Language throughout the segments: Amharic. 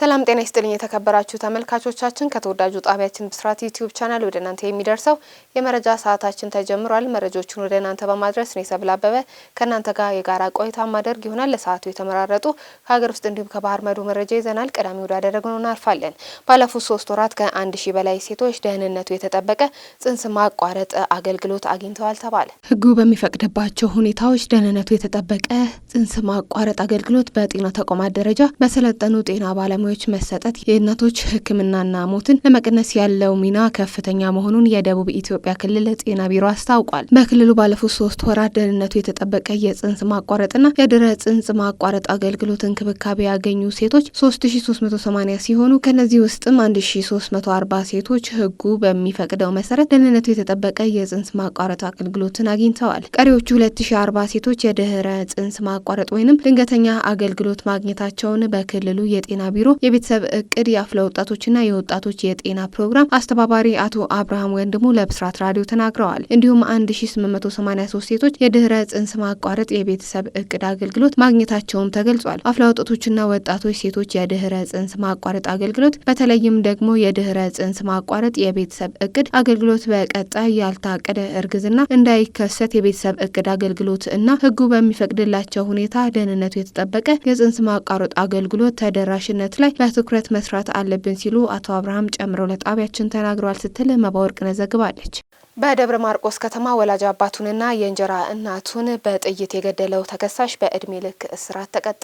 ሰላም ጤና ይስጥልኝ የተከበራችሁ ተመልካቾቻችን፣ ከተወዳጁ ጣቢያችን ብስራት ዩቲዩብ ቻናል ወደ እናንተ የሚደርሰው የመረጃ ሰዓታችን ተጀምሯል። መረጃዎችን ወደ እናንተ በማድረስ ነው የሰብል አበበ ከእናንተ ጋር የጋራ ቆይታ ማደርግ ይሆናል። ለሰዓቱ የተመራረጡ ከሀገር ውስጥ እንዲሁም ከባህር ማዶ መረጃ ይዘናል። ቀዳሚ ወዳደረግነው እናልፋለን። ባለፉት ሶስት ወራት ከአንድ ሺህ በላይ ሴቶች ደህንነቱ የተጠበቀ ጽንስ ማቋረጥ አገልግሎት አግኝተዋል ተባለ። ህጉ በሚፈቅድባቸው ሁኔታዎች ደህንነቱ የተጠበቀ ጽንስ ማቋረጥ አገልግሎት በጤና ተቋማት ደረጃ በሰለጠኑ ጤና ባለ ባለሙያዎች መሰጠት የእናቶች ሕክምናና ሞትን ለመቀነስ ያለው ሚና ከፍተኛ መሆኑን የደቡብ ኢትዮጵያ ክልል ጤና ቢሮ አስታውቋል። በክልሉ ባለፉት ሶስት ወራት ደህንነቱ የተጠበቀ የጽንስ ማቋረጥና የድህረ ጽንስ ማቋረጥ አገልግሎት እንክብካቤ ያገኙ ሴቶች 3380 ሲሆኑ ከነዚህ ውስጥም 1340 ሴቶች ሕጉ በሚፈቅደው መሰረት ደህንነቱ የተጠበቀ የጽንስ ማቋረጥ አገልግሎትን አግኝተዋል። ቀሪዎቹ 2040 ሴቶች የድህረ ጽንስ ማቋረጥ ወይንም ድንገተኛ አገልግሎት ማግኘታቸውን በክልሉ የጤና ቢሮ የቤተሰብ እቅድ የአፍላ ወጣቶችና የወጣቶች የጤና ፕሮግራም አስተባባሪ አቶ አብርሃም ወንድሙ ለብስራት ራዲዮ ተናግረዋል። እንዲሁም 1883 ሴቶች የድህረ ጽንስ ማቋረጥ የቤተሰብ እቅድ አገልግሎት ማግኘታቸውም ተገልጿል። አፍላ ወጣቶችና ወጣቶች ሴቶች የድህረ ጽንስ ማቋረጥ አገልግሎት በተለይም ደግሞ የድህረ ጽንስ ማቋረጥ የቤተሰብ እቅድ አገልግሎት በቀጣይ ያልታቀደ እርግዝና እንዳይከሰት የቤተሰብ እቅድ አገልግሎት እና ህጉ በሚፈቅድላቸው ሁኔታ ደህንነቱ የተጠበቀ የጽንስ ማቋረጥ አገልግሎት ተደራሽነት ላይ በትኩረት መስራት አለብን ሲሉ አቶ አብርሃም ጨምረው ለጣቢያችን ተናግረዋል ስትል መባወርቅነ ዘግባለች። በደብረ ማርቆስ ከተማ ወላጅ አባቱንና የእንጀራ እናቱን በጥይት የገደለው ተከሳሽ በእድሜ ልክ እስራት ተቀጣ።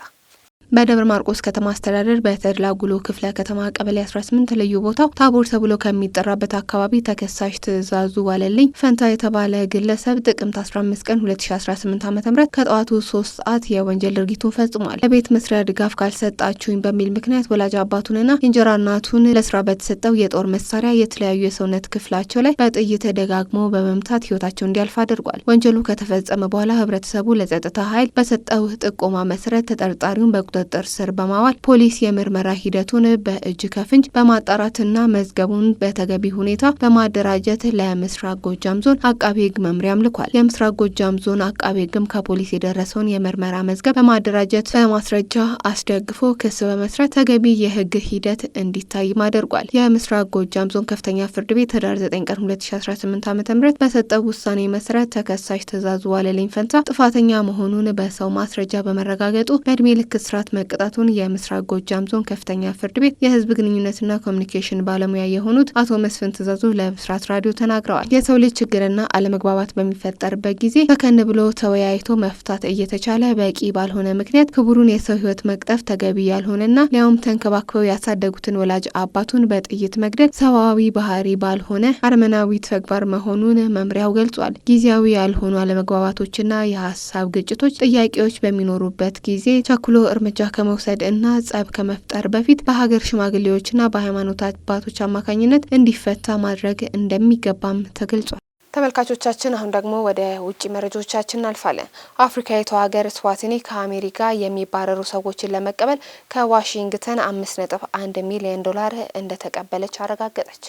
በደብረ ማርቆስ ከተማ አስተዳደር በተድላ ጉሎ ክፍለ ከተማ ቀበሌ 18 ልዩ ቦታው ታቦር ተብሎ ከሚጠራበት አካባቢ ተከሳሽ ትእዛዙ ዋለልኝ ፈንታ የተባለ ግለሰብ ጥቅምት 15 ቀን 2018 ዓ ም ከጠዋቱ 3 ሰዓት የወንጀል ድርጊቱን ፈጽሟል። ለቤት መስሪያ ድጋፍ ካልሰጣችሁኝ በሚል ምክንያት ወላጅ አባቱንና እንጀራ እናቱን ለስራ በተሰጠው የጦር መሳሪያ የተለያዩ የሰውነት ክፍላቸው ላይ በጥይት ደጋግሞ በመምታት ህይወታቸው እንዲያልፍ አድርጓል። ወንጀሉ ከተፈጸመ በኋላ ህብረተሰቡ ለጸጥታ ኃይል በሰጠው ጥቆማ መሰረት ተጠርጣሪውን በቁ ቁጥጥር ስር በማዋል ፖሊስ የምርመራ ሂደቱን በእጅ ከፍንጅ በማጣራትና መዝገቡን በተገቢ ሁኔታ በማደራጀት ለምስራቅ ጎጃም ዞን አቃቤ ሕግ መምሪያም ልኳል። የምስራቅ ጎጃም ዞን አቃቤ ሕግም ከፖሊስ የደረሰውን የምርመራ መዝገብ በማደራጀት በማስረጃ አስደግፎ ክስ በመስራት ተገቢ የህግ ሂደት እንዲታይም አድርጓል። የምስራቅ ጎጃም ዞን ከፍተኛ ፍርድ ቤት ህዳር 9 ቀን 2018 ዓ ም በሰጠው ውሳኔ መሰረት ተከሳሽ ትእዛዙ ዋለልኝ ፈንታ ጥፋተኛ መሆኑን በሰው ማስረጃ በመረጋገጡ በእድሜ ልክ እስራት በእስራት መቀጣቱን የምስራቅ ጎጃም ዞን ከፍተኛ ፍርድ ቤት የህዝብ ግንኙነትና ኮሚኒኬሽን ባለሙያ የሆኑት አቶ መስፍን ትእዛዙ ለብስራት ራዲዮ ተናግረዋል። የሰው ልጅ ችግርና አለመግባባት በሚፈጠርበት ጊዜ ሰከን ብሎ ተወያይቶ መፍታት እየተቻለ በቂ ባልሆነ ምክንያት ክቡሩን የሰው ህይወት መቅጠፍ ተገቢ ያልሆነና ሊያውም ተንከባክበው ያሳደጉትን ወላጅ አባቱን በጥይት መግደል ሰብአዊ ባህሪ ባልሆነ አርመናዊ ተግባር መሆኑን መምሪያው ገልጿል። ጊዜያዊ ያልሆኑ አለመግባባቶችና የሀሳብ ግጭቶች፣ ጥያቄዎች በሚኖሩበት ጊዜ ቸኩሎ እርምጃ እርምጃ ከመውሰድ እና ጸብ ከመፍጠር በፊት በሀገር ሽማግሌዎችና በሃይማኖት አባቶች አማካኝነት እንዲፈታ ማድረግ እንደሚገባም ተገልጿል። ተመልካቾቻችን አሁን ደግሞ ወደ ውጭ መረጃዎቻችን እናልፋለን። አፍሪካዊቷ ሀገር ስዋቲኒ ከአሜሪካ የሚባረሩ ሰዎችን ለመቀበል ከዋሽንግተን አምስት ነጥብ አንድ ሚሊዮን ዶላር እንደተቀበለች አረጋገጠች።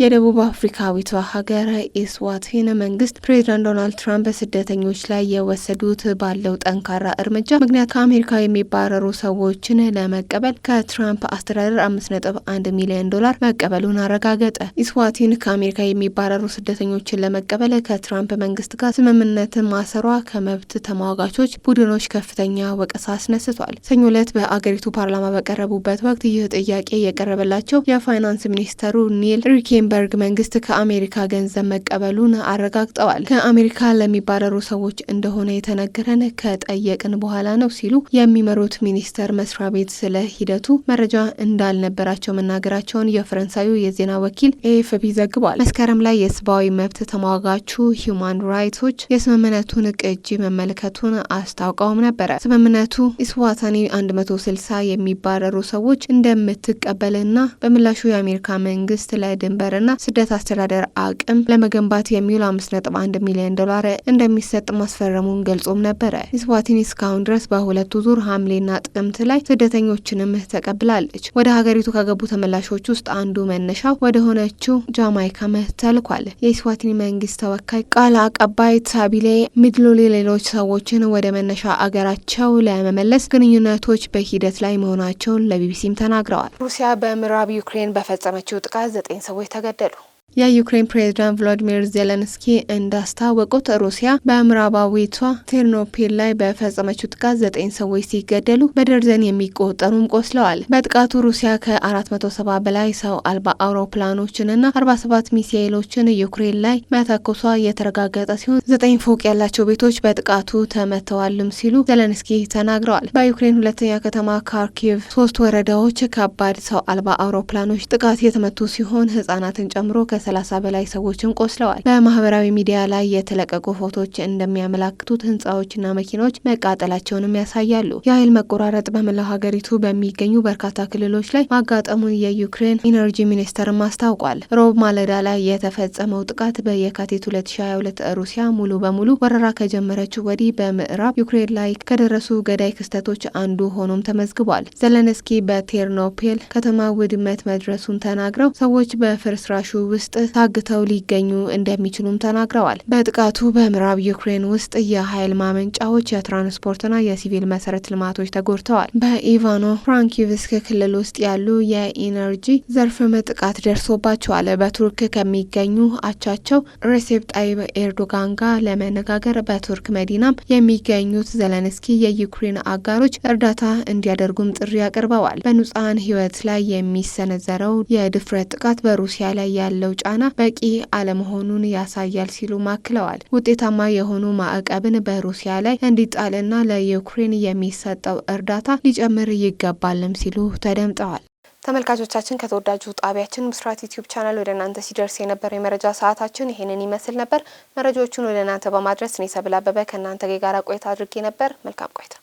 የደቡብ አፍሪካዊቷ ሀገር ኢስዋቲን መንግስት ፕሬዚዳንት ዶናልድ ትራምፕ በስደተኞች ላይ የወሰዱት ባለው ጠንካራ እርምጃ ምክንያት ከአሜሪካ የሚባረሩ ሰዎችን ለመቀበል ከትራምፕ አስተዳደር አምስት ነጥብ አንድ ሚሊዮን ዶላር መቀበሉን አረጋገጠ። ኢስዋቲን ከአሜሪካ የሚባረሩ ስደተኞችን ለመቀበል ከትራምፕ መንግስት ጋር ስምምነት ማሰሯ ከመብት ተሟጋቾች ቡድኖች ከፍተኛ ወቀሳ አስነስቷል። ሰኞ ዕለት በአገሪቱ ፓርላማ በቀረቡበት ወቅት ይህ ጥያቄ የቀረበላቸው የፋይናንስ ሚኒስተሩ ኒል ሪኬም የሉክሰምበርግ መንግስት ከአሜሪካ ገንዘብ መቀበሉን አረጋግጠዋል። ከአሜሪካ ለሚባረሩ ሰዎች እንደሆነ የተነገረን ከጠየቅን በኋላ ነው ሲሉ የሚመሩት ሚኒስቴር መስሪያ ቤት ስለ ሂደቱ መረጃ እንዳልነበራቸው መናገራቸውን የፈረንሳዩ የዜና ወኪል ኤኤፍፒ ዘግቧል። መስከረም ላይ የሰብአዊ መብት ተሟጋቹ ሂዩማን ራይቶች የስምምነቱን ቅጂ መመልከቱን አስታውቀውም ነበረ። ስምምነቱ ኢስዋታኒ 160 የሚባረሩ ሰዎች እንደምትቀበልና በምላሹ የአሜሪካ መንግስት ለድንበር አስተዳደርና ስደት አስተዳደር አቅም ለመገንባት የሚውል አምስት ነጥብ አንድ ሚሊዮን ዶላር እንደሚሰጥ ማስፈረሙን ገልጾም ነበረ። ኢስዋቲኒ እስካሁን ድረስ በሁለቱ ዙር ሐምሌና ጥቅምት ላይ ስደተኞችንም ተቀብላለች። ወደ ሀገሪቱ ከገቡ ተመላሾች ውስጥ አንዱ መነሻው ወደ ሆነችው ጃማይካም ተልኳል። የኢስዋቲኒ መንግስት ተወካይ ቃል አቀባይ ሳቢሌ ሚድሎሌ ሌሎች ሰዎችን ወደ መነሻ አገራቸው ለመመለስ ግንኙነቶች በሂደት ላይ መሆናቸውን ለቢቢሲም ተናግረዋል። ሩሲያ በምዕራብ ዩክሬን በፈጸመችው ጥቃት ዘጠኝ ሰዎች ተገደሉ። የዩክሬን ፕሬዝዳንት ቮሎዲሚር ዜለንስኪ እንዳስታወቁት ሩሲያ በምዕራባዊቷ ቴርኖፒል ላይ በፈጸመችው ጥቃት ዘጠኝ ሰዎች ሲገደሉ በደርዘን የሚቆጠሩም ቆስለዋል። በጥቃቱ ሩሲያ ከ470 በላይ ሰው አልባ አውሮፕላኖችንና 47 ሚሳኤሎችን ዩክሬን ላይ መተኮሷ የተረጋገጠ ሲሆን ዘጠኝ ፎቅ ያላቸው ቤቶች በጥቃቱ ተመተዋልም ሲሉ ዜለንስኪ ተናግረዋል። በዩክሬን ሁለተኛ ከተማ ካርኪቭ ሶስት ወረዳዎች ከባድ ሰው አልባ አውሮፕላኖች ጥቃት የተመቱ ሲሆን ህጻናትን ጨምሮ ከሰላሳ በላይ ሰዎችን ቆስለዋል። በማህበራዊ ሚዲያ ላይ የተለቀቁ ፎቶዎች እንደሚያመላክቱት ህንጻዎችና መኪናዎች መቃጠላቸውንም ያሳያሉ። የኃይል መቆራረጥ በመላው ሀገሪቱ በሚገኙ በርካታ ክልሎች ላይ ማጋጠሙን የዩክሬን ኢነርጂ ሚኒስተርም አስታውቋል። ሮብ ማለዳ ላይ የተፈጸመው ጥቃት በየካቲት 2022 ሩሲያ ሙሉ በሙሉ ወረራ ከጀመረችው ወዲህ በምዕራብ ዩክሬን ላይ ከደረሱ ገዳይ ክስተቶች አንዱ ሆኖም ተመዝግቧል። ዘለንስኪ በቴርኖፔል ከተማ ውድመት መድረሱን ተናግረው ሰዎች በፍርስራሹ ውስጥ ውስጥ ታግተው ሊገኙ እንደሚችሉም ተናግረዋል። በጥቃቱ በምዕራብ ዩክሬን ውስጥ የኃይል ማመንጫዎች፣ የትራንስፖርትና የሲቪል መሰረተ ልማቶች ተጎድተዋል። በኢቫኖ ፍራንኪቭስክ ክልል ውስጥ ያሉ የኢነርጂ ዘርፍም ጥቃት ደርሶባቸዋል። በቱርክ ከሚገኙ አቻቸው ሬሴፕ ጣይብ ኤርዶጋን ጋር ለመነጋገር በቱርክ መዲናም የሚገኙት ዘለንስኪ የዩክሬን አጋሮች እርዳታ እንዲያደርጉም ጥሪ አቅርበዋል። በንጹሐን ሕይወት ላይ የሚሰነዘረው የድፍረት ጥቃት በሩሲያ ላይ ያለው ያለው ጫና በቂ አለመሆኑን ያሳያል ሲሉ ማክለዋል። ውጤታማ የሆኑ ማዕቀብን በሩሲያ ላይ እንዲጣልና ለዩክሬን የሚሰጠው እርዳታ ሊጨምር ይገባልም ሲሉ ተደምጠዋል። ተመልካቾቻችን ከተወዳጁ ጣቢያችን ብስራት ዩቲዩብ ቻናል ወደ እናንተ ሲደርስ የነበረው የመረጃ ሰዓታችን ይሄንን ይመስል ነበር። መረጃዎቹን ወደ እናንተ በማድረስ እኔ ሰብል አበበ ከእናንተ ጋር ቆይታ አድርጌ ነበር። መልካም ቆይታ